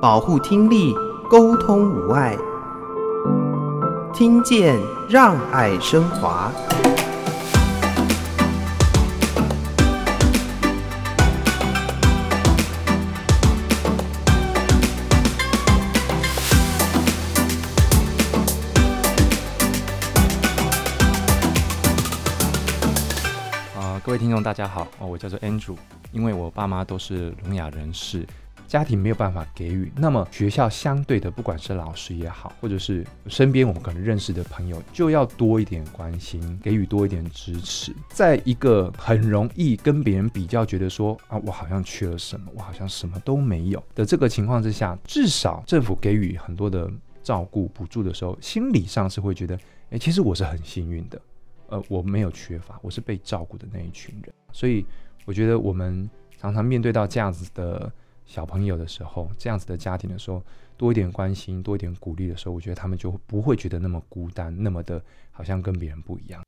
保護聽力，溝通無礙。聽見讓愛聲華。啊、呃，各位聽眾，大家好，哦。我叫做 Andrew，因為我爸媽都是聾啞人士。家庭沒有辦法給予，那麼學校相對的，不管是老師也好，或者是身邊我們可能認識的朋友，就要多一點關心，給予多一點支持。在一個很容易跟別人比較，覺得說啊，我好像缺了什麼，我好像什麼都沒有的這個情況之下，至少政府給予很多的照顧補助的時候，心理上是會覺得，欸，其實我是很幸運的，呃，我沒有缺乏，我是被照顧的那一群人。所以，我覺得我們常常面對到這樣子的。小朋友的時候，這樣子的家庭的時候，多一點關心，多一點鼓勵的時候，我覺得他們就不會覺得那麼孤單，那麼的好像跟別人不一樣。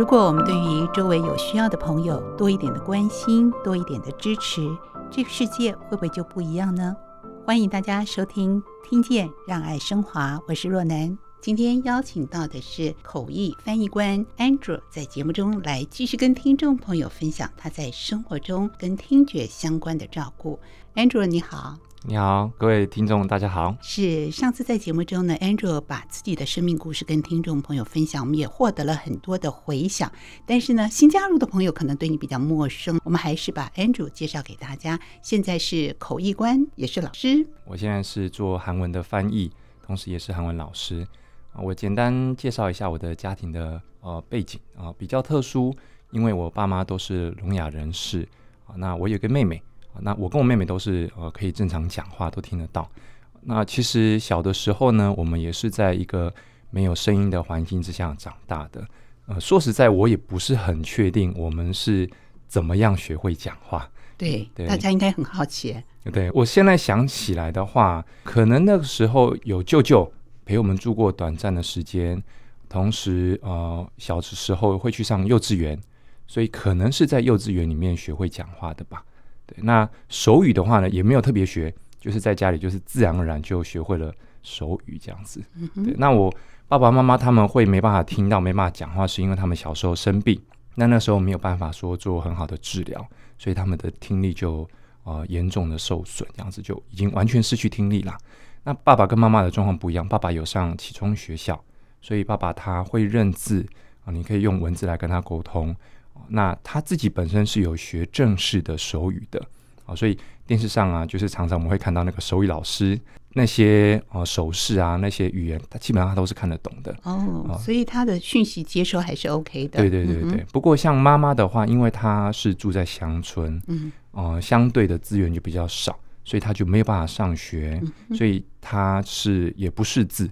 如果我們對於周圍有需要的朋友多一點的關心，多一點的支持，這個世界會不會就不一樣呢？歡迎大家收聽《聽見讓愛聲華》，我是若男。今天邀請到的是口譯翻譯官 Andrew，在節目中來繼續跟聽眾朋友分享他在生活中跟聽覺相關的照顧。Andrew，你好！你好，各位聽眾，大家好。是上次在節目中呢，Andrew 把自己的生命故事跟聽眾朋友分享，我們也獲得了很多的回響。但是呢，新加入的朋友可能對你比較陌生，我們還是把 Andrew 介紹給大家。現在是口譯官，也是老師。我現在是做韓文的翻譯，同時也是韓文老師。啊，我簡單介紹一下我的家庭的呃背景啊、呃，比較特殊，因為我爸媽都是聾啞人士啊、呃。那我有個妹妹啊、呃，那我跟我妹妹都是呃可以正常講話，都聽得到。那其實小的時候呢，我們也是在一個沒有聲音的環境之下長大的。呃，說實在，我也不是很確定我們是怎麼樣學會講話。對，嗯、對，大家應該很好奇、啊。對，我現在想起來的話，可能那個時候有舅舅陪我們住過短暫的時間，同時呃，小時候會去上幼稚園，所以可能是在幼稚園裡面學會講話的吧。對，那手語的話呢，也沒有特別學，就是在家裡就是自然而然就學會了手語這樣子。嗯哼。對，那我爸爸媽媽他們會沒辦法聽到，沒辦法講話，是因為他們小時候生病，那那時候沒有辦法說做很好的治療，所以他們的聽力就呃嚴重的受損，這樣子就已經完全失去聽力了。那爸爸跟媽媽的狀況不一樣，爸爸有上啟聰學校，所以爸爸他會認字啊，你可以用文字來跟他溝通。那他自己本身是有學正式的手語的啊，所以電視上啊，就是常常我們會看到那個手語老師那些啊手勢啊那些語言，他基本上他都是看得懂的哦，啊、所以他的訊息接收還是 OK 的。對，對對對對，嗯、哼不過像媽媽的話，因為她是住在鄉村，嗯、呃、相對的資源就比較少，所以他就沒有辦法上學，嗯、哼所以。他是也不識字，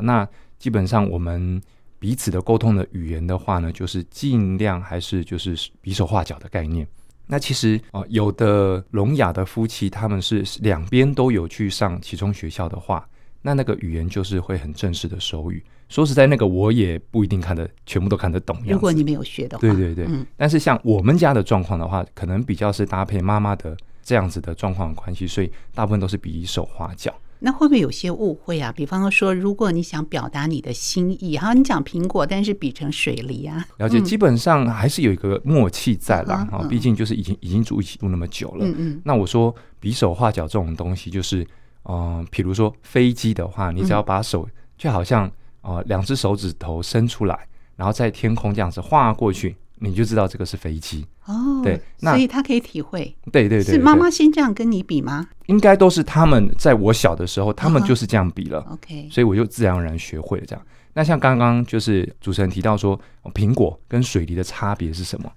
那基本上我們彼此的溝通的語言的話呢，就是儘量還是就是比手畫腳的概念。那其實啊，有的聾啞的夫妻，他們是兩邊都有去上其中學校的話，那那個語言就是會很正式的手語。說實在，那個我也不一定看得全部都看得懂。如果你沒有學的話，對對對。嗯、但是像我們家的狀況的話，可能比較是搭配媽媽的這樣子的狀況的關係，所以大部分都是比手畫腳。那會不會有些誤會啊？比方說，如果你想表達你的心意，哈，你講蘋果，但是比成水梨啊？了解。嗯、基本上還是有一個默契在啦啊，嗯嗯、畢竟就是已經已經住一起住那麼久了。嗯嗯。嗯那我說，比手畫腳這種東西，就是，呃，比如說飛機的話，你只要把手就好像，呃，兩隻手指頭伸出來，嗯、然後在天空這樣子畫過去。你就知道這個是飛機哦，oh, 對，那所以他可以體會，對對，對對對，是媽媽先這樣跟你比嗎？應該都是他們在我小的時候，他們就是這樣比了，oh, OK，所以我就自然而然學會了這樣。那像剛剛就是主持人提到說，蘋果跟水梨的差別是什麼？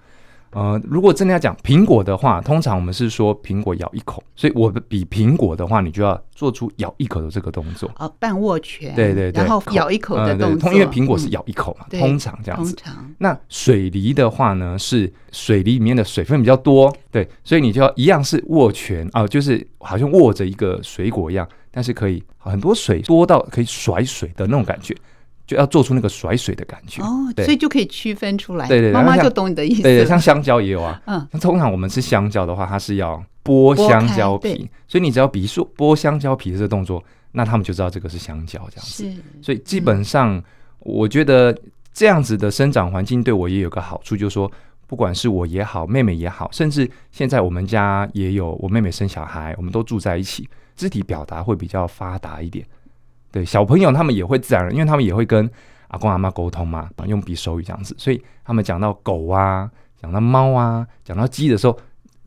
呃，如果真的要講蘋果的話，通常我們是說蘋果咬一口，所以我們比蘋果的話，你就要做出咬一口的這個動作。啊、哦，半握拳。對對對。然後咬一口的動作，對，因為蘋果是咬一口嘛，嗯、通常這樣子。通常。那水梨的話呢，是水梨裡面的水分比較多，對，所以你就要一樣是握拳啊、呃，就是好像握着一個水果一樣，但是可以很多水多到可以甩水的那種感覺。要做出那個甩水的感覺哦，對所以就可以區分出來。對，對對，媽媽就懂你的意思。對，對對，像香蕉也有啊。嗯，通常我們吃香蕉的話，它是要剝香蕉皮，所以你只要比說剝香蕉皮這個動作，那他們就知道這個是香蕉這樣子。是，所以基本上我覺得這樣子的生長環境對我也有個好處，嗯、就是說不管是我也好，妹妹也好，甚至現在我們家也有我妹妹生小孩，我們都住在一起，肢體表達會比較發達一點。對，小朋友他們也會自然而然，因為他們也會跟阿公阿嬤溝通嘛，用比手語這樣子，所以他們講到狗啊，講到貓啊，講到雞的時候，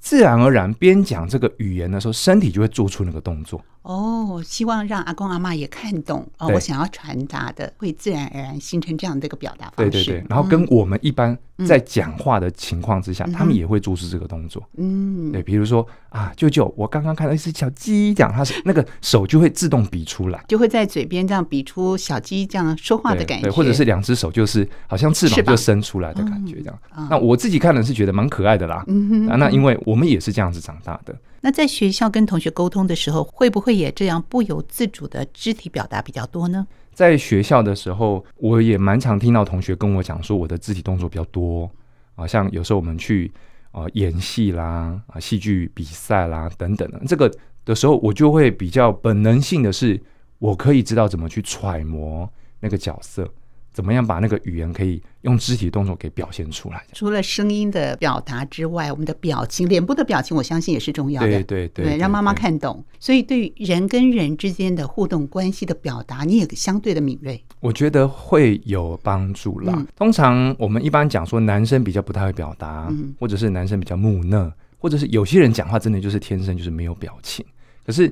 自然而然邊講這個語言的時候，身體就會做出那個動作。哦，oh, 希望讓阿公阿媽也看懂對哦，我想要傳達的會自然而然形成這樣的一個表達方式。對對對，然後跟我們一般在講話的情況之下，嗯嗯、他們也會注視這個動作。嗯，對，比如說啊，舅舅，我剛剛看到一隻小雞，講他是那個手就會自動比出來，就會在嘴邊這樣比出小雞這樣說話的感覺。對對，或者是兩隻手就是好像翅膀就伸出來的感覺這樣。嗯、那我自己看了是覺得蠻可愛的啦。啊、嗯，嗯、那因為我們也是這樣子長大的。那在學校跟同學溝通的時候，會不會也這樣不由自主的肢體表達比較多呢？在學校的時候，我也蠻常聽到同學跟我講說，我的肢體動作比較多啊，像有時候我們去啊演戲啦、啊戲劇比賽啦等等的，這個的時候我就會比較本能性的是，我可以知道怎麼去揣摩那個角色。怎麼樣把那個語言可以用肢體動作給表現出來？除了聲音的表達之外，我們的表情、臉部的表情，我相信也是重要的。對對對，對，對，讓媽媽看懂。對對對，所以，對於人跟人之間的互動關係的表達，你也相對的敏銳。我覺得會有幫助啦。嗯、通常我們一般講說，男生比較不太會表達，嗯、或者是男生比較木訥，或者是有些人講話真的就是天生就是沒有表情。可是，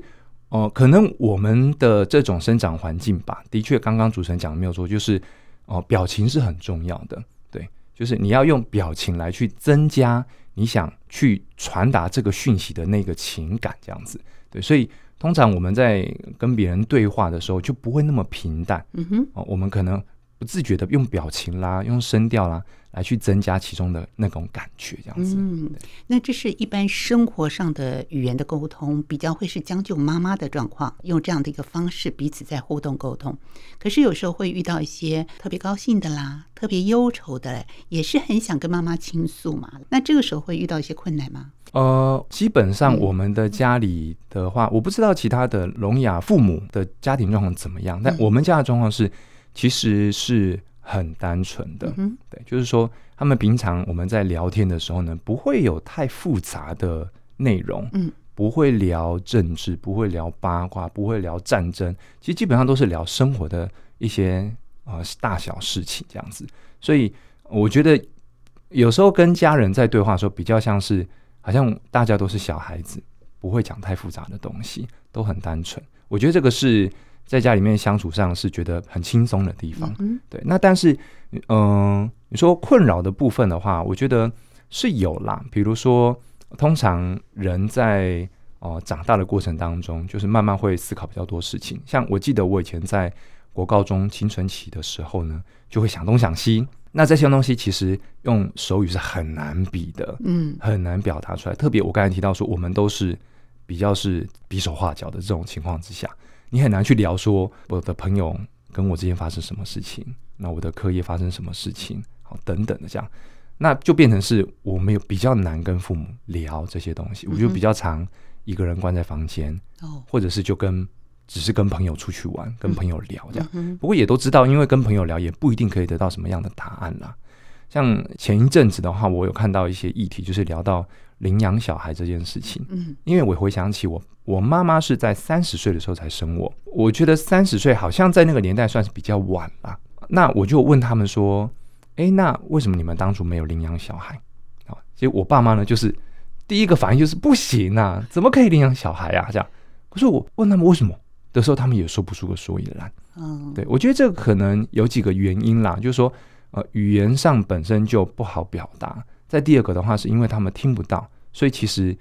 哦、呃，可能我們的這種生長環境吧，的確，剛剛主持人講的沒有錯，就是。哦，表情是很重要的，對，就是你要用表情來去增加你想去傳達這個訊息的那個情感，這樣子，對，所以通常我們在跟別人對話的時候就不會那麼平淡，嗯哼，哦，我們可能。自覺的用表情啦，用聲調啦，來去增加其中的那種感覺，這樣子。嗯，對那這是一般生活上的語言的溝通，比較會是將就媽媽的狀況，用這樣的一個方式彼此在互動溝通。可是有時候會遇到一些特別高興的啦，特別憂愁的，也是很想跟媽媽傾訴嘛。那這個時候會遇到一些困難嗎？呃，基本上我們的家裡的話，嗯、我不知道其他的聾啞父母的家庭狀況怎麼樣，嗯、但我們家的狀況是。其實是很單純的，對，就是說，他們平常我們在聊天的時候呢，不會有太複雜的內容，嗯，不會聊政治，不會聊八卦，不會聊戰爭，其實基本上都是聊生活的一些啊大小事情這樣子。所以我覺得有時候跟家人在對話的時候，比較像是好像大家都是小孩子，不會講太複雜的東西，都很單純。我覺得這個是。在家裡面相處上是覺得很輕鬆的地方，嗯、哼對。那但是，嗯，你說困擾的部分的話，我覺得是有啦。比如說，通常人在哦、呃、長大的過程當中，就是慢慢會思考比較多事情。像我記得我以前在國高中青春期的時候呢，就會想東想西。那這些東西其實用手語是很難比的，嗯，很難表達出來。特別我剛才提到說，我們都是比較是比手畫腳的這種情況之下。你很難去聊說我的朋友跟我之間發生什麼事情，那我的課業發生什麼事情，好，等等的這樣，那就變成是我沒有比較難跟父母聊這些東西，我就比較常一個人關在房間，嗯、哼或者是就跟只是跟朋友出去玩，嗯、哼跟朋友聊這樣，不過也都知道，因為跟朋友聊也不一定可以得到什麼樣的答案啦。像前一陣子的話，我有看到一些議題，就是聊到。領養小孩這件事情，嗯，因為我回想起我，我媽媽是在三十歲的時候才生我，我覺得三十歲好像在那個年代算是比較晚了。那我就問他們說：“哎，那為什麼你們當初沒有領養小孩？”啊，結果我爸媽呢，就是第一個反應就是不行啊，怎麼可以領養小孩啊？這樣，可是我問他們為什麼的時候，他們也說不出個所以然。嗯，對，我覺得這個可能有幾個原因啦，就是說，呃，語言上本身就不好表達。在第二個的話，是因為他們聽不到，所以其實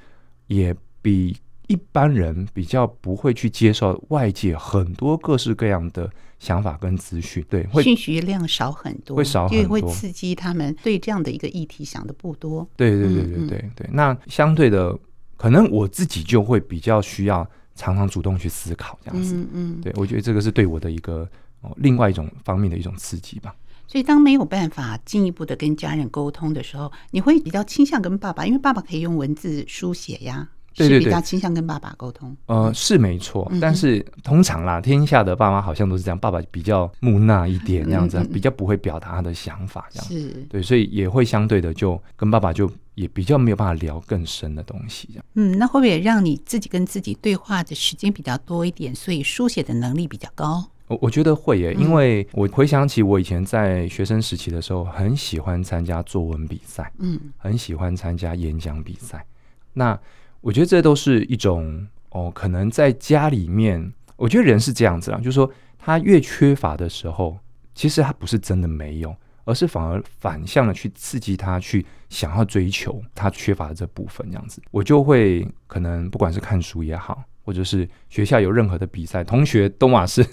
也比一般人比較不會去接受外界很多各式各樣的想法跟資訊，對，會信息量少很多，會少很多，因為會刺激他們對這樣的一個議題想得不多。對對對對對嗯嗯對。那相對的，可能我自己就會比較需要常常主動去思考這樣子。嗯，嗯。對，我覺得這個是對我的一個哦，另外一種方面的一種刺激吧。所以，當沒有辦法進一步的跟家人溝通的時候，你會比較傾向跟爸爸，因為爸爸可以用文字書寫呀，對對對是比較傾向跟爸爸溝通。呃，是沒錯，嗯哼，但是通常啦，天下的爸媽好像都是這樣，爸爸比較木訥一點，這樣子、嗯哼，比較不會表達他的想法這樣，是，對，所以也會相對的就跟爸爸就也比較沒有辦法聊更深的東西這樣。嗯，那會不會也讓你自己跟自己對話的時間比較多一點，所以書寫的能力比較高？我覺得會耶，因為我回想起我以前在學生時期的時候，很喜歡參加作文比賽，嗯，很喜歡參加演講比賽。那我覺得這都是一種哦，可能在家裡面，我覺得人是這樣子啊，就是說他越缺乏的時候，其實他不是真的沒有，而是反而反向的去刺激他去想要追求他缺乏的這部分，這樣子，我就會可能不管是看書也好。或者是學校有任何的比賽，同學都嘛是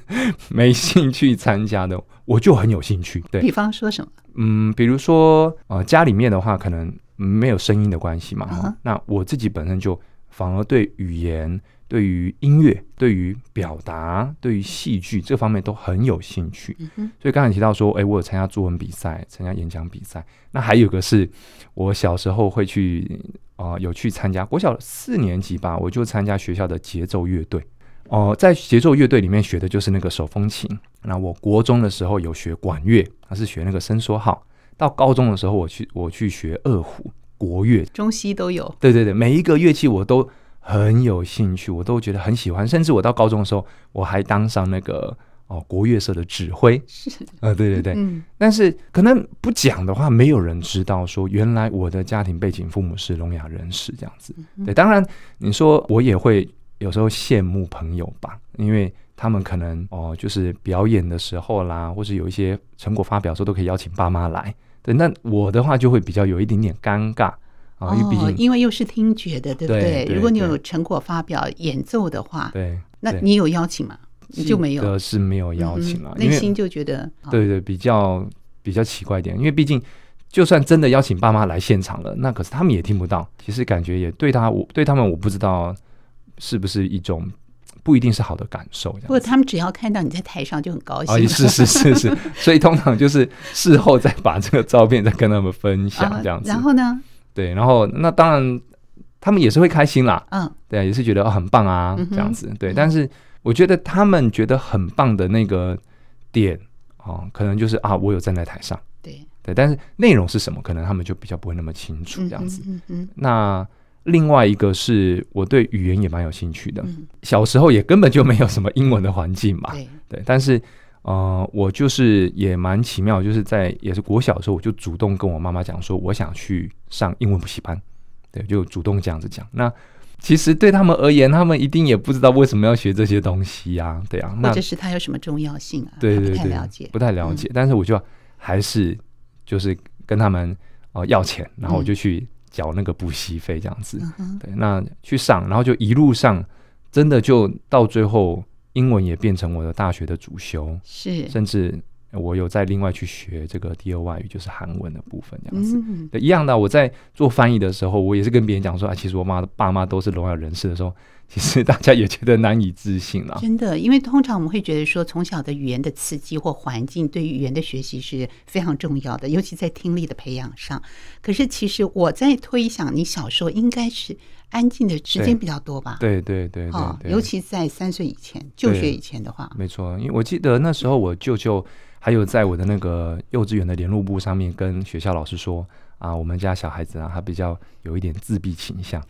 沒興趣參加的，嗯、我就很有興趣。對，比方說什麼？嗯，比如說呃，家裡面的話，可能沒有聲音的關係嘛。嗯、哼那我自己本身就反而對語言、對於音樂、對於表達、對於戲劇這方面都很有興趣。嗯、哼所以剛才提到說，哎、欸，我有參加作文比賽，參加演講比賽。那還有一個是，我小時候會去。啊、呃，有去參加國小四年級吧，我就參加學校的節奏樂隊。哦、呃，在節奏樂隊裡面學的就是那個手風琴。那我國中的時候有學管樂，它是學那個伸縮號。到高中的時候我，我去我去學二胡、國樂，中西都有。對對對，每一個樂器我都很有興趣，我都覺得很喜歡。甚至我到高中的時候，我還當上那個。哦，國樂社的指揮是的呃，對對對，嗯、但是可能不講的話，沒有人知道說原來我的家庭背景，父母是聾啞人士這樣子。嗯、哼對，當然你說我也會有時候羨慕朋友吧，因為他們可能哦、呃，就是表演的時候啦，或是有一些成果發表的時候，都可以邀請爸媽來。對，那我的話就會比較有一點點尷尬啊，呃哦、因為畢竟因為又是聽覺的，對不對？對對對，如果你有成果發表演奏的話，對，對，那你有邀請嗎？就沒有的是沒有邀請了，內、嗯、心就覺得為好對對，對比較比較奇怪一點，因為畢竟就算真的邀請爸媽來現場了，那可是他們也聽不到，其實感覺也對他我對他們我不知道是不是一種，不一定是好的感受。不過他們只要看到你在台上就很高興。哦，是是是是， 所以通常就是事後再把這個照片再跟他們分享這樣子。啊、然後呢？對，然後那當然他們也是會開心啦，嗯，對，也是覺得很棒啊這樣子，嗯、哼對，但是。嗯我覺得他們覺得很棒的那個點啊，呃，可能就是啊，我有站在台上，對對，但是內容是什麼，可能他們就比較不會那麼清楚這樣子。嗯嗯。那另外一個是我對語言也蠻有興趣的，嗯，小時候也根本就沒有什麼英文的環境嘛，對對。但是呃，我就是也蠻奇妙，就是在也是國小的時候，我就主動跟我媽媽講說，我想去上英文補習班，對，就主動這樣子講。那其實對他們而言，他們一定也不知道為什麼要學這些東西呀、啊，對呀、啊？或者是它有什麼重要性啊？對，對，對，對，不太了解，不太了解。嗯、但是我就還是就是跟他們哦、呃、要錢，然後我就去繳那個補習費，這樣子。嗯、對，那去上，然後就一路上真的就到最後，英文也變成我的大學的主修，是，甚至。我有在另外去學這個第二外語，就是韓文的部分，這樣子一樣的。我在做翻譯的時候，我也是跟別人講說啊，其實我媽的爸媽都是聾啞人士的時候，其實大家也覺得難以置信了，啊。 真的，因為通常我們會覺得說，從小的語言的刺激或環境對語言的學習是非常重要的，尤其在聽力的培養上。可是其實我在推想，你小時候應該是安靜的時間比較多吧？對對對，對，對，對，哦，尤其在三歲以前就學以前的話，沒錯，因為我記得那時候我舅舅。還有，在我的那個幼稚園的聯絡簿上面，跟學校老師說啊，我們家小孩子啊，他比較有一點自閉傾向，啊、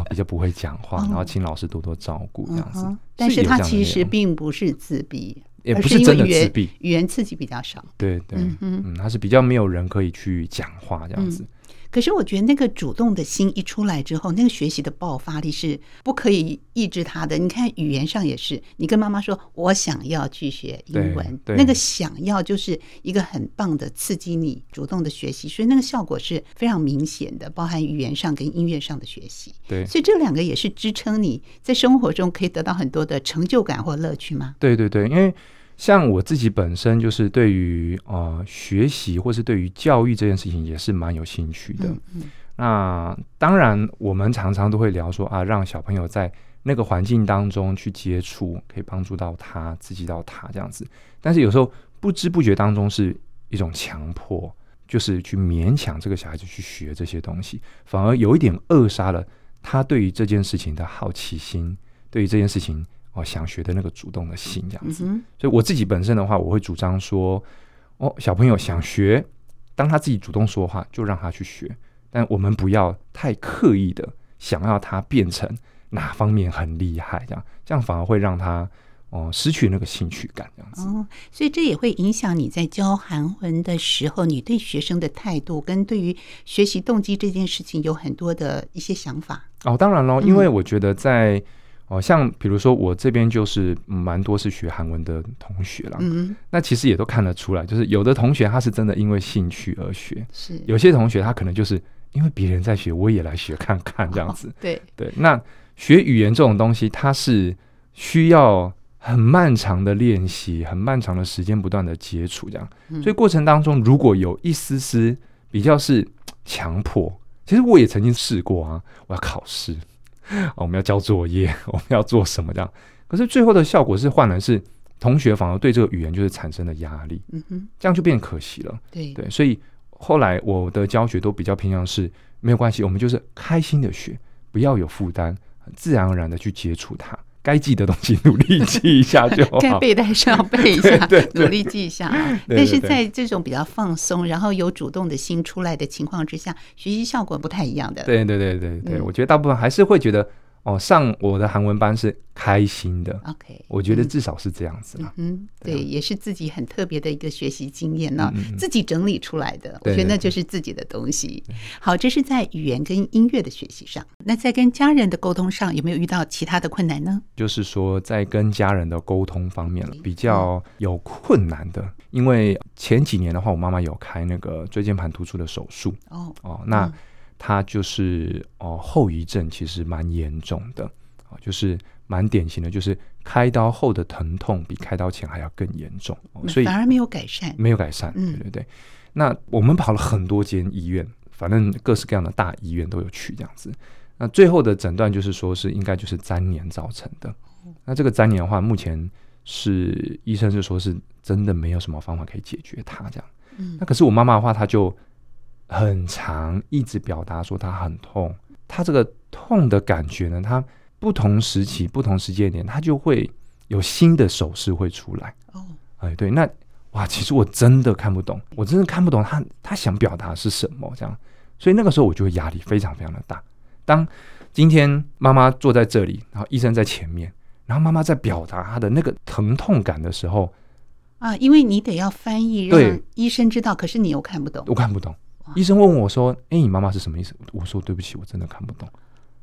哦，比較不會講話，哦、然後請老師多多照顧這樣子。嗯、但是他其實並不是自閉，也不是真的自閉，語言，語言刺激比較少。對對嗯，哼哼嗯，他是比較沒有人可以去講話這樣子。嗯可是我覺得那個主動的心一出來之後，那個學習的爆發力是不可以抑制它的。你看語言上也是，你跟媽媽說我想要去學英文，那個想要就是一個很棒的刺激，你主動的學習，所以那個效果是非常明顯的，包含語言上跟音樂上的學習。對，所以這兩個也是支撐你在生活中可以得到很多的成就感或樂趣嗎？對對對，因為。像我自己本身就是對於呃學習或是對於教育這件事情也是蠻有興趣的。嗯嗯。那當然我們常常都會聊說啊，讓小朋友在那個環境當中去接觸，可以幫助到他、刺激到他這樣子。但是有時候不知不覺當中是一種強迫，就是去勉強這個小孩子去學這些東西，反而有一點扼殺了他對於這件事情的好奇心，對於這件事情。我、哦、想學的那個主動的心，這樣子。Mm hmm. 所以我自己本身的話，我會主張說，哦，小朋友想學，當他自己主動說話，就讓他去學。但我們不要太刻意的想要他變成哪方面很厲害，這樣，這樣反而會讓他哦失去那個興趣感，這樣子。哦，所以這也會影響你在教韓文的時候，你對學生的態度跟對於學習動機這件事情有很多的一些想法。哦，當然了，嗯、因為我覺得在。哦，像比如說我這邊就是蠻多是學韓文的同學啦，嗯，那其實也都看得出來，就是有的同學他是真的因為興趣而學，是有些同學他可能就是因為別人在學，我也來學看看這樣子，對對。那學語言這種東西，它，是需要很漫長的練習，很漫長的時間不斷的接觸，這樣，嗯，所以過程當中如果有一絲絲比較是強迫，其實我也曾經試過啊，我要考試。哦，我們要交作業，我們要做什麼這樣。可是最後的效果是，換來是同學反而對這個語言就是產生了壓力，嗯哼，這樣就變可惜了。對，對，所以後來我的教學都比較偏向是，對，沒有關係，我們就是開心的學，不要有負擔，自然而然的去接觸它。該記的東西努力記一下就好， 該背的還是要背一下，努力記一下啊。但是在這種比較放鬆，然後有主動的心出來的情況之下，學習效果不太一樣的。嗯，對對對對對，對，我覺得大部分還是會覺得。哦，上我的韓文班是開心的。OK，我覺得至少是這樣子嘛。嗯，對，也是自己很特別的一個學習經驗呢，自己整理出來的，我覺得那就是自己的東西。好，這是在語言跟音樂的學習上。那在跟家人的溝通上，有沒有遇到其他的困難呢？就是說，在跟家人的溝通方面，比較有困難的，因為前幾年的話，我媽媽有開那個椎間盤突出的手術。哦哦，那。他就是哦，後遺症其實蠻嚴重的，就是蠻典型的，就是開刀後的疼痛比開刀前還要更嚴重，所以反而沒有改善，沒有改善，嗯、對對對。那我們跑了很多間醫院，反正各式各樣的大醫院都有去，這樣子。那最後的診斷就是說是應該就是粘連造成的。那這個粘連的話，目前是醫生就是說是真的沒有什麼方法可以解決它這樣。嗯，那可是我媽媽的話，她就。很常，一直表達說他很痛，他這個痛的感覺呢，他不同時期、不同時間點，他就會有新的手勢會出來。哦，哎，對，那哇，其實我真的看不懂，我真的看不懂他他想表達是什麼這樣，所以那個時候我就會壓力非常非常的大。當今天媽媽坐在這裡，然後醫生在前面，然後媽媽在表達她的那個疼痛感的時候，啊，因為你得要翻譯讓醫生知道，對可是你又看不懂，我看不懂。醫生問我說：“哎、欸，你媽媽是什麼意思？”我說：“對不起，我真的看不懂。”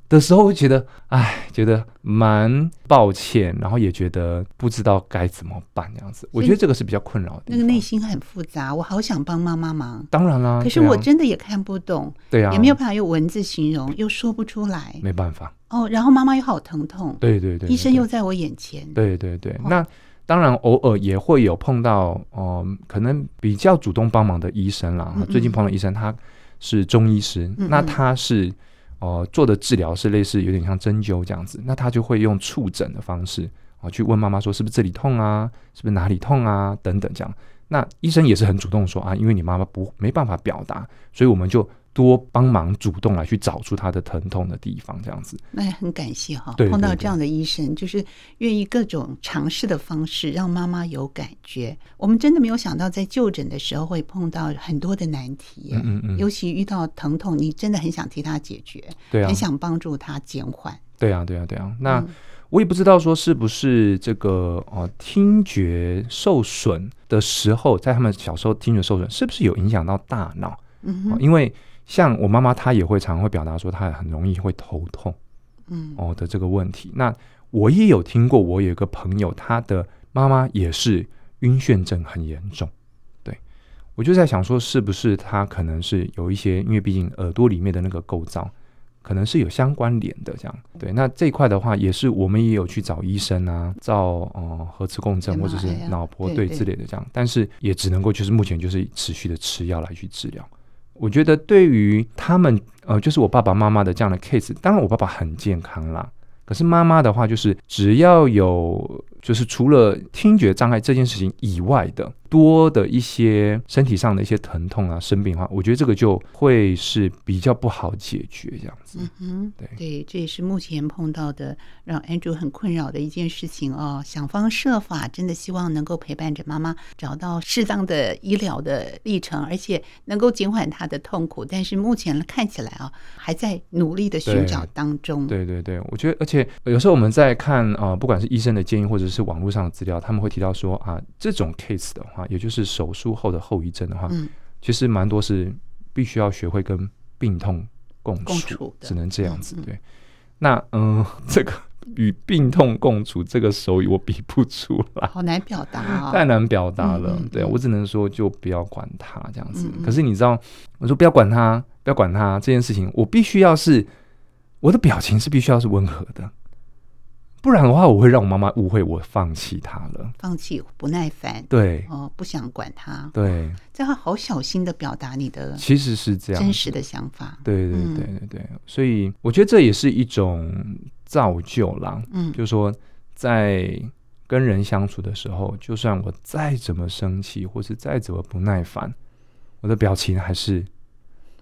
的時候覺得，覺得哎，覺得蠻抱歉，然後也覺得不知道該怎麼辦這樣子。以我覺得這個是比較困擾的。那個內心很複雜，我好想幫媽媽忙。當然啦、啊，啊啊、可是我真的也看不懂。對、啊、也沒有辦法用文字形容，又說不出來，沒辦法。哦，然後媽媽又好疼痛。對對，對對對，醫生又在我眼前。對對，對對對，哇那。當然，偶爾也會有碰到哦、呃，可能比較主動幫忙的醫生啦。最近碰到醫生，他是中醫師，嗯嗯那他是、呃、做的治療是類似有點像針灸這樣子，那他就會用觸診的方式啊去問媽媽說是不是這裡痛啊，是不是哪裡痛啊等等這樣。那醫生也是很主動說啊，因為你媽媽不沒辦法表達，所以我們就。多幫忙，主動來去找出他的疼痛的地方，這樣子、哎。那也很感謝哈、哦，對對對對，碰到這樣的醫生，就是願意各種嘗試的方式，讓媽媽有感覺。我們真的沒有想到，在就診的時候會碰到很多的難題、啊，嗯，嗯嗯。尤其遇到疼痛，你真的很想替他解決，對啊，很想幫助他減緩，對啊，對啊，對啊。那我也不知道說是不是這個哦，嗯、聽覺受損的時候，在他們小時候聽覺受損，是不是有影響到大腦？嗯哼，因為。像我媽媽，她也會常會表達說，她很容易會頭痛，嗯，哦的這個問題。嗯、那我也有聽過，我有一個朋友，他的媽媽也是暈眩症很嚴重。對，我就在想說，是不是他可能是有一些，因為畢竟耳朵裡面的那個構造，可能是有相關聯的這樣。對，那這一塊的話，也是我們也有去找醫生啊，照嗯、呃、核磁共振或者是腦波、嗯、對之類的這樣，但是也只能夠就是目前就是持續的吃藥來去治療。我覺得對於他們，呃，就是我爸爸媽媽的這樣的 case，當然我爸爸很健康啦，可是媽媽的話，就是只要有。就是除了聽覺障礙這件事情以外的多的一些身體上的一些疼痛啊、生病的話，我覺得這個就會是比較不好解決這樣子。嗯哼，對對，這也是目前碰到的讓 Andrew 很困擾的一件事情啊、哦，想方設法，真的希望能夠陪伴着媽媽找到適當的醫療的歷程，而且能夠減緩她的痛苦。但是目前看起來啊、哦，還在努力的尋找當中。對，對對對，我覺得，而且有時候我們在看啊，不管是醫生的建議或者是。就是網絡上的資料，他們會提到說啊，這種 case 的話，也就是手術後的後遺症的話，嗯、其實蠻多是必須要學會跟病痛共處，共處只能這樣子，這樣子對。嗯那，嗯、呃，這個與病痛共處這個手語我比不出來，好難表達、哦、太難表達了。嗯嗯嗯，對我只能說就不要管他這樣子。嗯嗯，可是你知道，我說不要管他，不要管他這件事情，我必須要是我的表情是必須要是溫和的。不然的話，我會讓我媽媽誤會我放棄他了，放棄不耐煩，對，哦，不想管他，對，這樣好小心的表達你的，其實是這樣真實的想法，對對對對對，嗯，所以我覺得這也是一種造就啦，嗯，就是說在跟人相處的時候，就算我再怎麼生氣，或是再怎麼不耐煩，我的表情還是。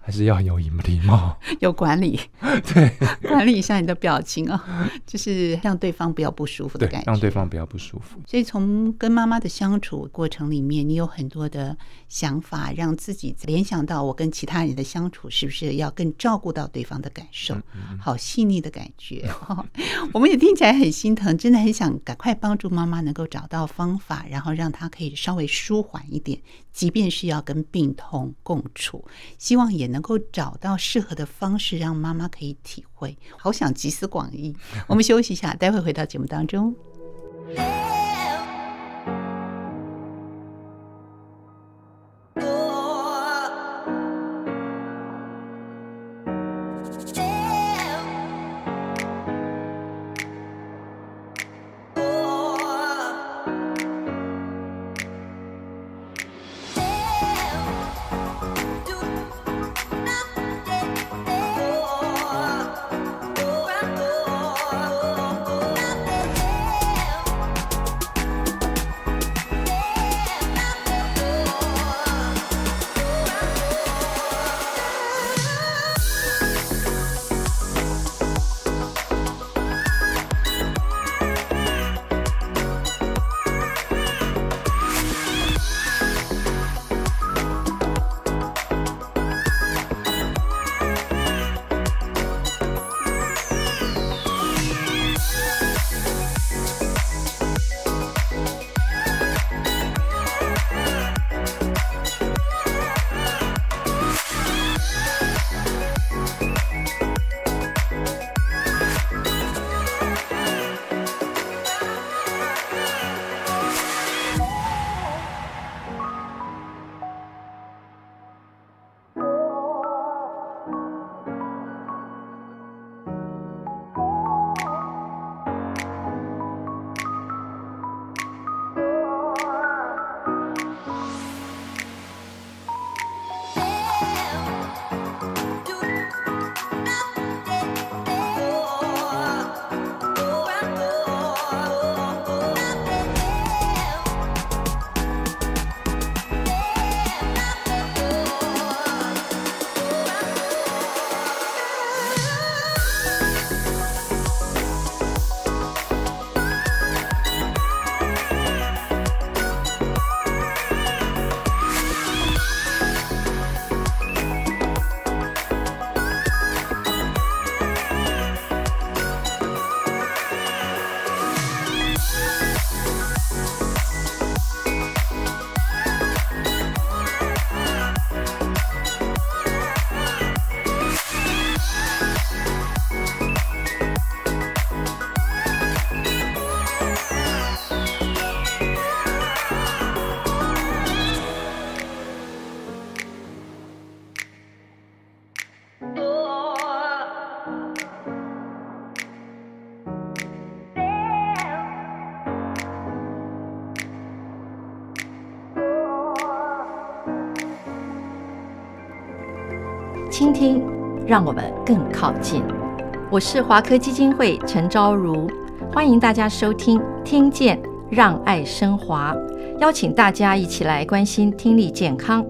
還是要有禮貌， 有管理， 對，管理一下你的表情啊、哦，就是讓對方不要不舒服的感覺，對，讓對方不要不舒服。所以從跟媽媽的相處過程裡面，你有很多的想法，讓自己聯想到我跟其他人的相處是不是要更照顧到對方的感受？嗯嗯、好細膩的感覺、嗯哦，我們也聽起來很心疼，真的很想趕快幫助媽媽能夠找到方法，然後讓她可以稍微舒緩一點。即便是要跟病痛共處，希望也能夠找到適合的方式，讓媽媽可以體會。好想集思廣益， 我們休息一下，待會回到節目當中。讓我們更靠近。我是華科基金會陳朝如，歡迎大家收聽《聽見讓愛聲華》，邀請大家一起來關心聽力健康。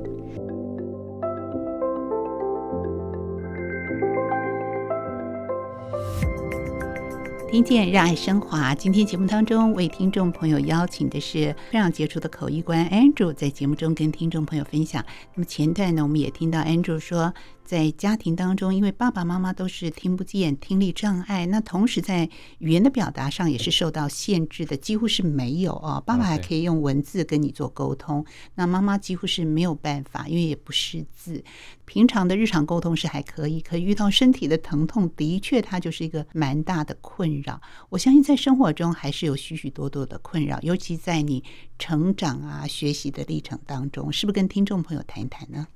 聽見讓愛聲華，今天節目當中為聽眾朋友邀請的是非常傑出的口譯官 Andrew，在節目中跟聽眾朋友分享。那麼前段呢，我們也聽到 Andrew 說。在家庭當中，因為爸爸媽媽都是聽不見，聽力障礙，那同時在語言的表達上也是受到限制的，幾乎是沒有哦。爸爸還可以用文字跟你做溝通，那媽媽幾乎是沒有辦法，因為也不識字。平常的日常溝通是還可以，可遇到身體的疼痛，的確它就是一個蠻大的困擾。我相信在生活中還是有許許多多的困擾，尤其在你成長啊、學習的歷程當中，是不是跟聽眾朋友談一談呢？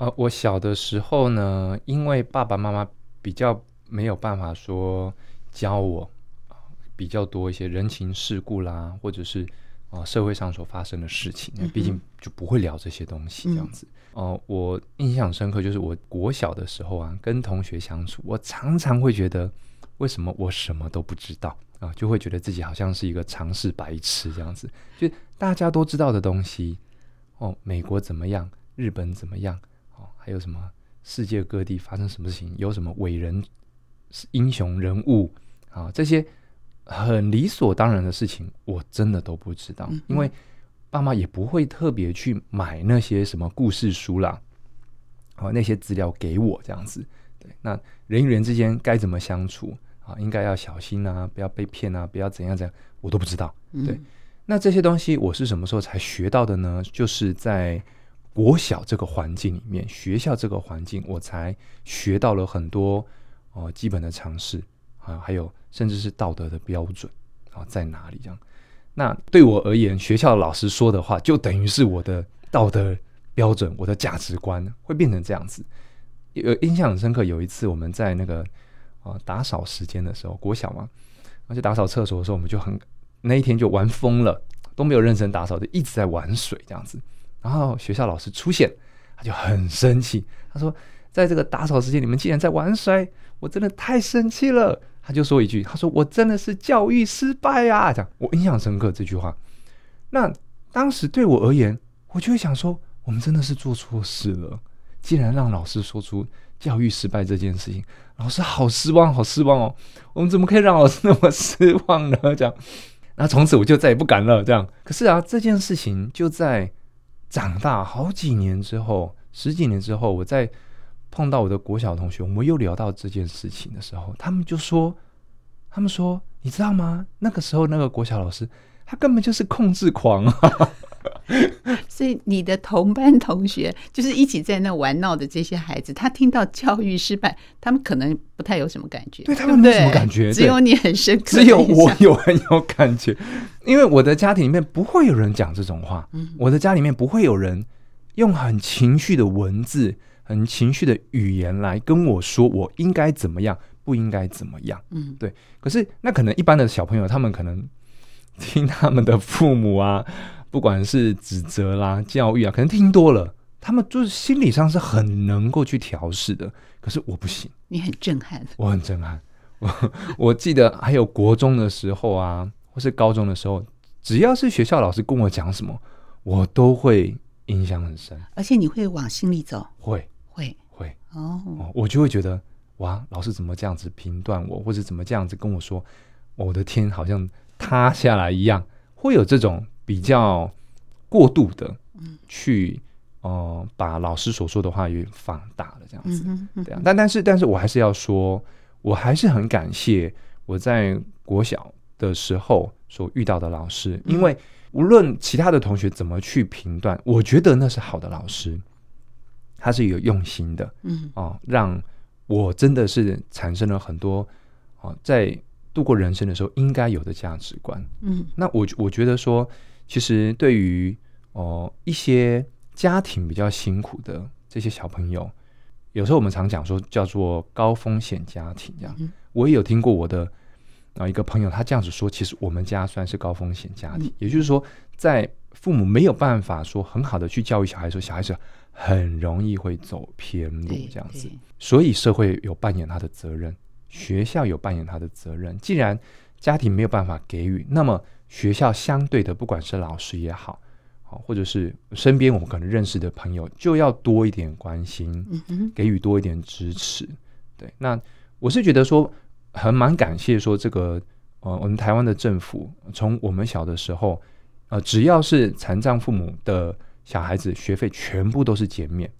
啊、呃，我小的時候呢，因為爸爸媽媽比較沒有辦法說教我、呃、比較多一些人情世故啦，或者是啊、呃、社會上所發生的事情，嗯、哼畢竟就不會聊這些東西這樣子。哦、嗯哼呃，我印象深刻就是我國小的時候啊，跟同學相處，我常常會覺得為什麼我什麼都不知道啊、呃，就會覺得自己好像是一個常識白痴這樣子。就大家都知道的東西，哦、呃，美國怎麼樣，日本怎麼樣。還有什麼？世界各地發生什麼事情？有什麼偉人、英雄人物啊？這些很理所當然的事情，我真的都不知道，嗯嗯，因為爸媽也不會特別去買那些什麼故事書啦，啊，那些資料給我這樣子。對，那人與人之間該怎麼相處啊？應該要小心啊，不要被騙啊，不要怎樣怎樣，我都不知道。對，嗯、那這些東西我是什麼時候才學到的呢？就是在。國小這個環境裡面，學校這個環境，我才學到了很多哦、呃，基本的常識啊，還有甚至是道德的標準啊，在哪裡這樣？那對我而言，學校老師說的話，就等於是我的道德標準，我的價值觀會變成這樣子。有，有印象很深刻，有一次我們在那個啊、呃、打掃時間的時候，國小嘛，而且打掃廁所的時候，我們就很，那一天就玩瘋了，都沒有認真打掃的，就一直在玩水這樣子。然後學校老師出現，他就很生氣。他說：“在這個打掃時間，你們竟然在玩水，我真的太生氣了。”他就說一句：“他說我真的是教育失敗啊！”講我印象深刻這句話。那當時對我而言，我就會想說：“我們真的是做錯事了，竟然讓老師說出教育失敗這件事情。”老師好失望，好失望哦！我們怎麼可以讓老師那麼失望呢？這樣，那從此我就再也不敢了。這樣，可是啊，這件事情就在。長大好幾年之後，十幾年之後，我再碰到我的國小同學，我們又聊到這件事情的時候，他們就說：“他們說，你知道嗎？那個時候那個國小老師，他根本就是控制狂啊。 ” 所以你的同班同學，就是一起在那玩鬧的這些孩子，他聽到教育失敗，他們可能不太有什麼感覺。對，對他們沒什麼感覺，對只有你很深刻，只有我有很有感覺。因為我的家庭裡面不會有人講這種話， 我的家裡面不會有人用很情緒的文字、很情緒的語言來跟我說我應該怎麼樣，不應該怎麼樣。嗯，對。可是那可能一般的小朋友，他們可能聽他們的父母啊。不管是指責啦、啊、教育啊，可能聽多了，他們就是心理上是很能夠去調適的。可是我不行，你很震撼，我很震撼。我我記得還有國中的時候啊， 或是高中的時候，只要是學校老師跟我講什麼，我都會印象很深，而且你會往心裡走，會會會哦，oh. 我就會覺得哇，老師怎麼這樣子評斷我，或者怎麼這樣子跟我說，我的天，好像塌下來一樣，會有這種。比較過度的去、嗯呃、把老師所說的話也放大了，這樣子，嗯、哼哼哼對，但但是但是我還是要說，我還是很感謝我在國小的時候所遇到的老師，嗯、因為無論其他的同學怎麼去評斷，嗯、哼我覺得那是好的老師，他是有用心的，嗯啊哼、呃，讓我真的是產生了很多、呃、在度過人生的時候應該有的價值觀，嗯哼。那我我覺得說。其實，對於哦、呃、一些家庭比較辛苦的這些小朋友，有時候我們常講說叫做高風險家庭這樣。嗯、哼。我也有聽過我的啊、呃、一個朋友他這樣子說，其實我們家算是高風險家庭，嗯、也就是說，在父母沒有辦法說很好的去教育小孩的時候，小孩子很容易會走偏路這樣子，所以社會有扮演他的責任，學校有扮演他的責任，既然家庭沒有辦法給予，那麼學校相對的，不管是老師也好，好或者是身邊我們可能認識的朋友，就要多一點關心，嗯、哼給予多一點支持。對，那我是覺得說，很蠻感謝說這個，呃，我們台灣的政府，從我們小的時候，呃，只要是殘障父母的小孩子，學費全部都是減免。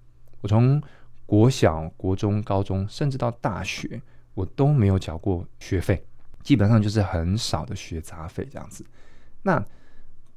我從國小、國中、高中，甚至到大學，我都沒有繳過學費。基本上就是很少的學雜費這樣子。那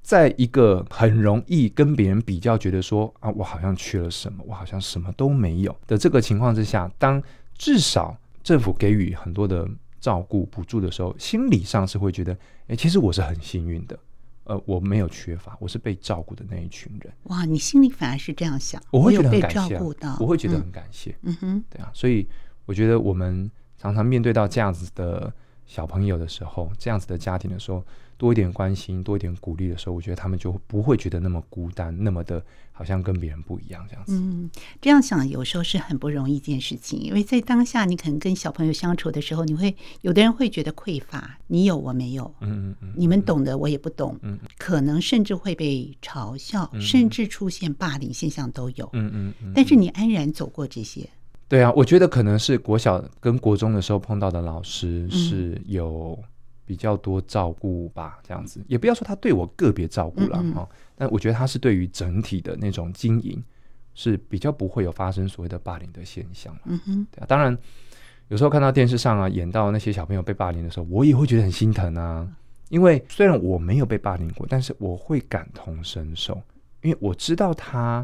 在一個很容易跟別人比較，覺得說啊，我好像缺了什麼，我好像什麼都沒有的這個情況之下，當至少政府給予很多的照顧補助的時候，心理上是會覺得，哎、欸，其實我是很幸運的，呃，我沒有缺乏，我是被照顧的那一群人。哇，你心裡反而是這樣想，我會覺得很感謝，我會覺得很感謝。嗯哼，對啊，所以我覺得我們常常面對到這樣子的，小朋友的時候，這樣子的家庭的時候，多一點關心，多一點鼓勵的時候，我覺得他們就不會覺得那麼孤單，那麼的好像跟別人不一樣這樣子。嗯，這樣想有時候是很不容易一件事情，因為在當下你可能跟小朋友相處的時候，你會有的人會覺得匱乏，你有我沒有，嗯嗯，嗯嗯，你們懂的我也不懂，嗯嗯，可能甚至會被嘲笑，嗯，甚至出現霸凌現象都有，嗯嗯，嗯嗯，但是你安然走過這些。對啊，我覺得可能是國小跟國中的時候碰到的老師是有比較多照顧吧，嗯、這樣子也不要說他對我個別照顧了啊，嗯嗯，但我覺得他是對於整體的那種經營是比較不會有發生所謂的霸凌的現象。嗯哼，對啊，當然有時候看到電視上啊演到那些小朋友被霸凌的時候，我也會覺得很心疼啊，因為雖然我沒有被霸凌過，但是我會感同身受，因為我知道他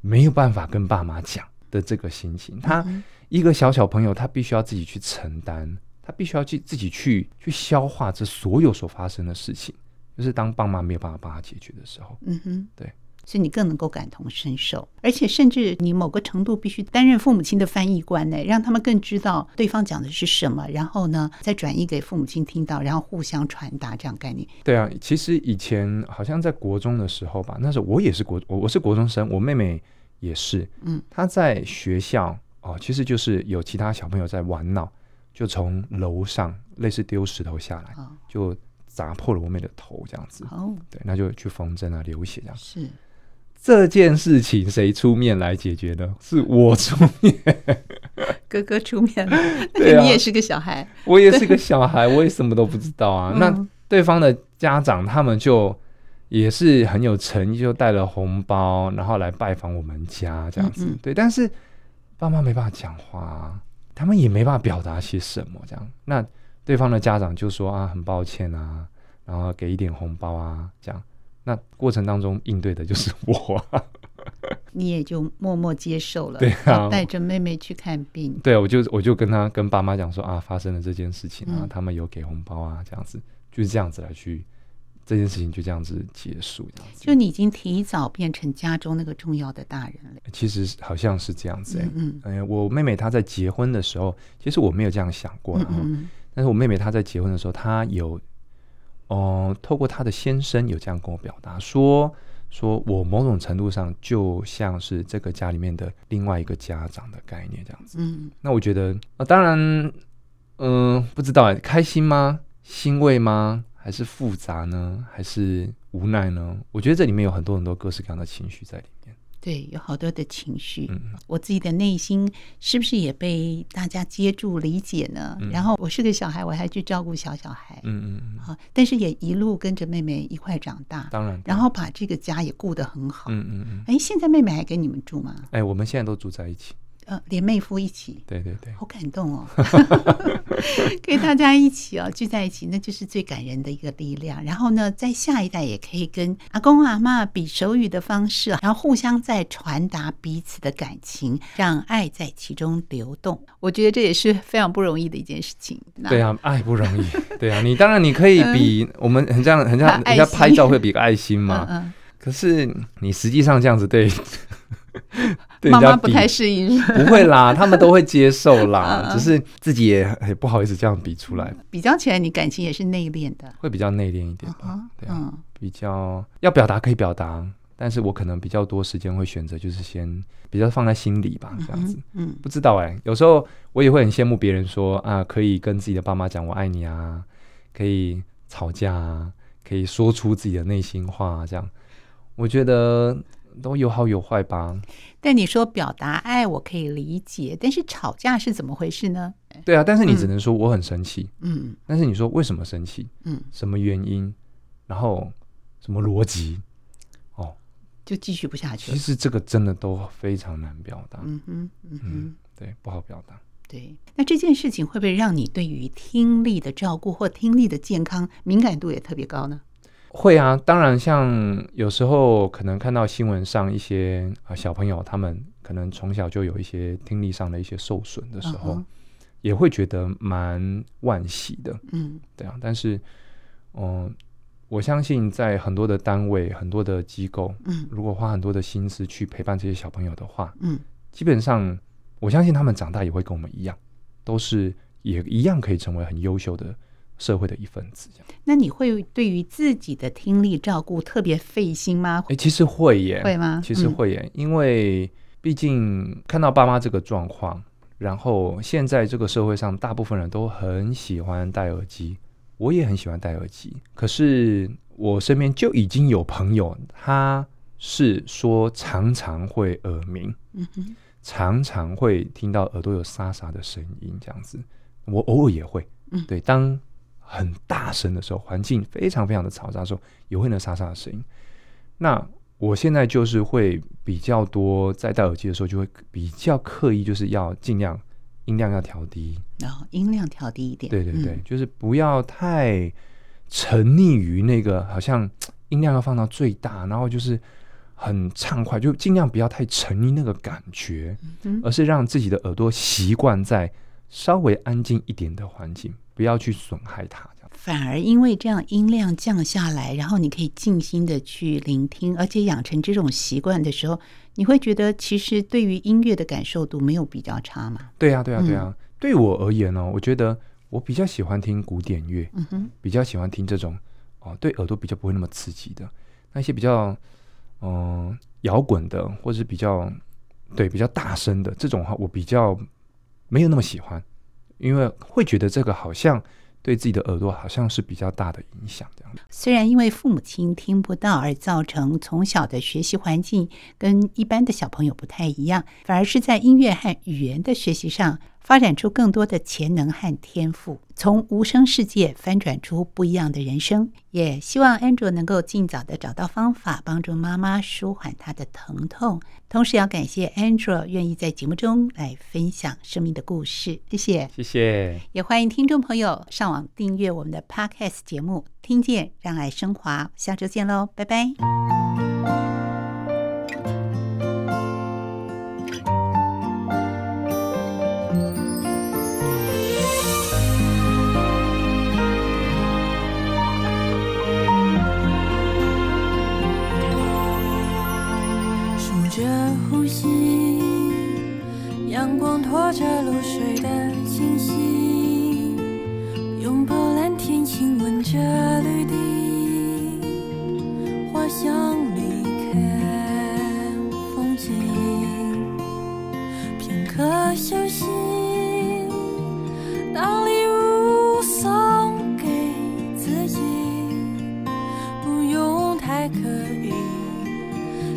沒有辦法跟爸媽講。的這個心情，他一個小小朋友，他必須要自己去承擔，他必須要去自己去去消化這所有所發生的事情，就是當爸媽沒有辦法幫他解決的時候，嗯哼，對，所以你更能夠感同身受，而且甚至你某個程度必須擔任父母親的翻譯官呢、欸，讓他們更知道對方講的是什麼，然後呢再轉譯給父母親聽到，然後互相傳達這樣概念。對啊，其實以前好像在國中的時候吧，那時候我也是國，我我是國中生，我妹妹。也是，嗯，他在學校哦，其實就是有其他小朋友在玩鬧，就從樓上類似丟石頭下來，就砸破了我妹的頭，這樣子。哦，對，那就去縫針啊，流血這樣子。是這件事情，誰出面來解決的？是我出面，哥哥出面了。 對啊、你也是個小孩， 我也是個小孩，我也什麼都不知道啊。嗯、那對方的家長，他們就。也是很有誠意，就帶了紅包，然後來拜訪我們家這樣子。嗯嗯。對，但是爸媽沒辦法講話啊，他們也沒辦法表達些什麼這樣。那對方的家長就說啊，很抱歉啊，然後給一點紅包啊這樣。那過程當中應對的就是我， 你也就默默接受了。對啊，帶着妹妹去看病。對啊，我，對啊，我就我就跟他跟爸媽講說啊，發生了這件事情啊，嗯，他們有給紅包啊這樣子，就是這樣子來去。這件事情就這樣子結束，就你已經提早變成家中那個重要的大人了。其實好像是這樣子，嗯哎，哎，我妹妹她在結婚的時候，其實我沒有這樣想過，但是我妹妹她在結婚的時候，她有，哦，透過她的先生有這樣跟我表達說，說我某種程度上就像是這個家裡面的另外一個家長的概念這樣子，嗯，那我覺得，啊，當然，嗯，不知道哎，開心嗎？欣慰嗎？還是複雜呢？還是無奈呢？我覺得這裡面有很多很多各式各樣的情緒在裡面。對，有好多的情緒。嗯，嗯，我自己的內心是不是也被大家接住理解呢？嗯，然後我是個小孩，我還去照顧小小孩。嗯嗯嗯。好，但是也一路跟着妹妹一塊長大，當然，然後把這個家也顧得很好。嗯嗯嗯。哎，現在妹妹還跟你們住嗎？哎，我們現在都住在一起。呃，連妹夫一起，對對對，好感動哦！ 可以大家一起哦，聚在一起，那就是最感人的一個力量。然後呢，在下一代也可以跟阿公阿媽比手語的方式，然後互相再傳達彼此的感情，讓愛在其中流動。我覺得這也是非常不容易的一件事情。對啊，愛不容易。對啊，你當然你可以比我們很像、嗯、很像人家拍照會比個愛心嘛，嗯嗯，可是你實際上這樣子對。 對媽媽不太適應， 不會啦，他們都會接受啦， 嗯、只是自己也、欸、不好意思這樣比出來。比較起來，你感情也是內斂的，會比較內斂一點吧？對啊、嗯，比較要表達可以表達，但是我可能比較多時間會選擇就是先比較放在心裡吧， 這樣子。嗯，嗯，不知道哎、欸，有時候我也會很羨慕別人說啊，可以跟自己的爸媽講我愛你啊，可以吵架，可以說出自己的內心話、啊，這樣我覺得。都有好有壞吧。但你說表達愛，我可以理解。但是吵架是怎麼回事呢？對啊，但是你只能說我很生氣。嗯，嗯，但是你說為什麼生氣？嗯，什麼原因？然後什麼邏輯？哦，就繼續不下去了。其實這個真的都非常難表達。嗯嗯，嗯，嗯，對，不好表達。對，那這件事情會不會讓你對於聽力的照顧或聽力的健康敏感度也特別高呢？會啊，當然，像有時候可能看到新聞上一些啊小朋友，他們可能從小就有一些聽力上的一些受損的時候，uh huh. 也會覺得蠻惋惜的，嗯、uh，huh. 對啊，但是，嗯，我相信在很多的單位、很多的機構，嗯、uh，huh. 如果花很多的心思去陪伴這些小朋友的話，嗯、uh，huh. 基本上我相信他們長大也會跟我們一樣，都是也一樣可以成為很優秀的。社會的一份子，這樣。那你會對於自己的聽力照顧特別費心嗎？欸，其實會耶。會嗎？其實會耶，因為畢竟看到爸媽這個狀況，然後現在這個社會上大部分人都很喜歡戴耳機，我也很喜歡戴耳機。可是我身邊就已經有朋友，他是說常常會耳鳴，嗯哼，常常會聽到耳朵有沙沙的聲音這樣子。我偶爾也會，嗯、對，當。很大聲的時候，環境非常非常的嘈雜的時候，也會能沙沙的聲音。那我現在就是會比較多在戴耳機的時候，就會比較刻意，就是要盡量音量要調低，然後、哦、音量調低一點。對對對，嗯、就是不要太沉溺於那個，好像音量要放到最大，然後就是很暢快，就盡量不要太沉溺那個感覺，嗯、哼而是讓自己的耳朵習慣在。稍微安靜一點的環境，不要去損害它，反而因為這樣音量降下來，然後你可以靜心的去聆聽，而且養成這種習慣的時候，你會覺得其實對於音樂的感受度沒有比較差嘛、啊？對呀、啊，對呀、嗯，對呀。對我而言呢、哦，我覺得我比較喜歡聽古典樂，嗯哼，比較喜歡聽這種哦，對耳朵比較不會那麼刺激的那些比較嗯、呃、搖滾的，或是比較對比較大聲的這種的話，我比較。沒有那麼喜歡，因為會覺得這個好像對自己的耳朵好像是比較大的影響的。雖然因為父母親聽不到而造成從小的學習環境跟一般的小朋友不太一樣，反而是在音樂和語言的學習上發展出更多的潛能和天賦，從無聲世界翻轉出不一樣的人生。也希望 Andrew 能夠儘早的找到方法，幫助媽媽舒緩她的疼痛。同時要感謝 Andrew 願意在節目中來分享生命的故事，謝謝，謝謝。也歡迎聽眾朋友上網訂閱我們的 Podcast 節目。聽見，讓愛聲華。下週見嘍，拜拜。數着呼吸，陽光拖着露水的。天親吻着綠地，花香離開風景，片刻休息，當禮物送給自己，不用太刻意，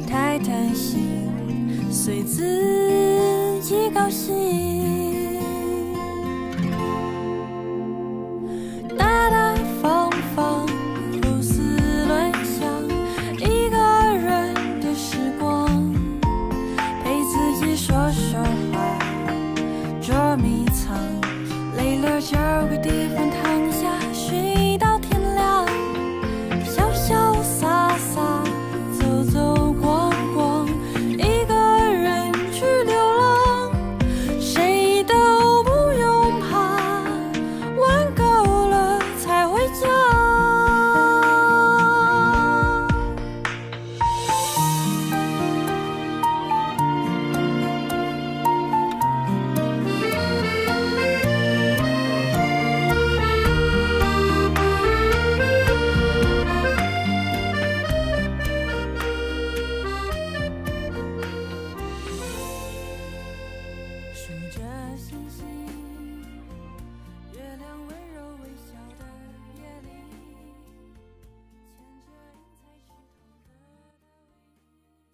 太貪心，隨自己高興。